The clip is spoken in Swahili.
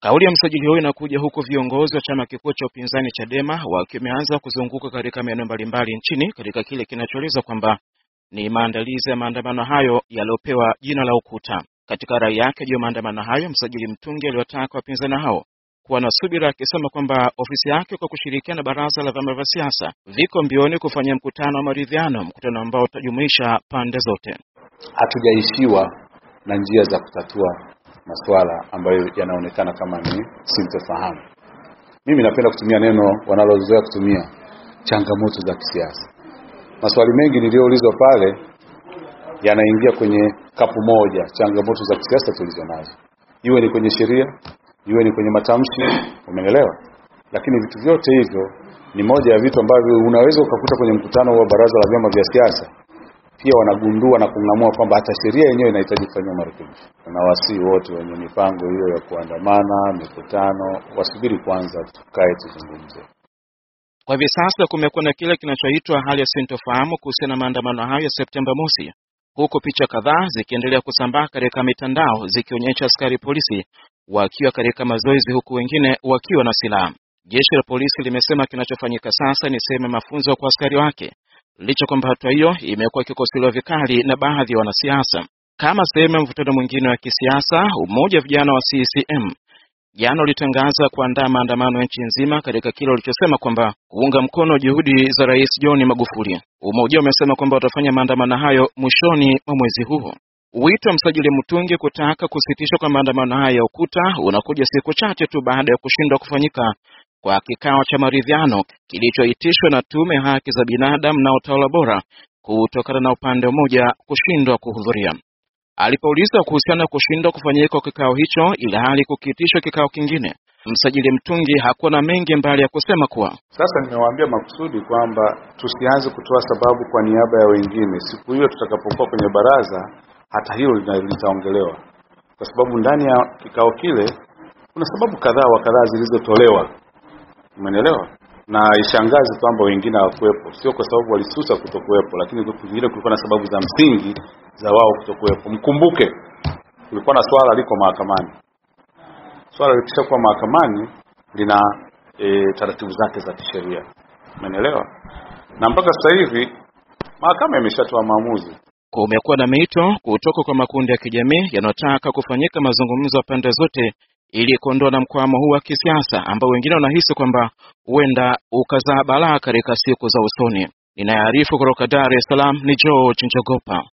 Kauli ya msajili huyo inakuja huku viongozi wa chama kikuu cha upinzani Chadema wakiwa wameanza kuzunguka katika maeneo mbalimbali nchini katika kile kinachoelezwa kwamba ni maandalizi ya maandamano hayo yaliyopewa jina la Ukuta. Katika rai yake juu ya maandamano hayo, msajili Mtungi aliwataka wapinzani hao kuwa na subira, akisema kwamba ofisi yake kwa kushirikiana na baraza la vyama vya siasa viko mbioni kufanya mkutano wa maridhiano, mkutano ambao utajumuisha pande zote. Hatujaishiwa na njia za kutatua masuala ambayo yanaonekana kama ni sintofahamu. Mimi napenda kutumia neno wanalozoea kutumia, changamoto za kisiasa. Maswali mengi niliyoulizwa pale yanaingia kwenye kapu moja, changamoto za kisiasa tulizo nazo, iwe ni kwenye sheria, iwe ni kwenye matamshi, umeelewa? Lakini vitu vyote hivyo ni moja ya vitu ambavyo unaweza ukakuta kwenye mkutano wa baraza la vyama vya siasa pia wanagundua na kung'amua kwamba hata sheria yenyewe inahitaji kufanyiwa marekebisho. Nawasihi wote wenye mipango hiyo ya kuandamana, mikutano, wasubiri kwanza, tukae tuzungumze. Kwa hivi sasa kumekuwa na kile kinachoitwa hali ya sintofahamu kuhusiana na maandamano hayo ya Septemba mosi, huku picha kadhaa zikiendelea kusambaa katika mitandao zikionyesha askari polisi wakiwa katika mazoezi, huku wengine wakiwa na silaha. Jeshi la polisi limesema kinachofanyika sasa ni sehemu ya mafunzo kwa askari wake licha kwamba hatua hiyo imekuwa ikikosolewa vikali na baadhi ya wanasiasa kama sehemu ya mvutano mwingine wa kisiasa. Umoja wa vijana wa CCM jana ulitangaza kuandaa maandamano ya nchi nzima katika kile ulichosema kwamba kuunga mkono juhudi za Rais John Magufuli. Umoja umesema kwamba watafanya maandamano hayo mwishoni mwa mwezi huu. Wito wa msajili Mtungi kutaka kusitishwa kwa maandamano haya ya UKUTA unakuja siku chache tu baada ya kushindwa kufanyika kwa kikao cha maridhiano kilichoitishwa na Tume Haki za Binadamu na Utawala Bora kutokana na upande mmoja kushindwa kuhudhuria. Alipoulizwa kuhusiana na kushindwa kufanyika kwa kikao hicho ili hali kukiitishwa kikao kingine, msajili Mtungi hakuwa na mengi mbali ya kusema kuwa sasa, nimewaambia makusudi kwamba tusianze kutoa sababu kwa niaba ya wengine. Siku hiyo tutakapokuwa kwenye baraza, hata hilo litaongelewa, kwa sababu ndani ya kikao kile kuna sababu kadhaa wa kadhaa zilizotolewa umeelewa? Na ishangazi kwamba wengine hawakuwepo, sio kwa sababu walisusa kutokuwepo, lakini vingine kulikuwa na sababu za msingi za wao kutokuwepo. Mkumbuke kulikuwa na swala liko mahakamani. Swala likishakuwa mahakamani lina e, taratibu zake za kisheria, umeelewa? Na mpaka sasa hivi mahakama imeshatoa maamuzi. Kumekuwa na miito kutoka kwa makundi ya kijamii yanayotaka kufanyika mazungumzo ya pande zote ili kuondoa na mkwamo huu wa kisiasa ambao wengine wanahisi kwamba huenda ukazaa balaa katika siku za usoni. Ninayearifu kutoka Dar es Salaam ni George Njogopa.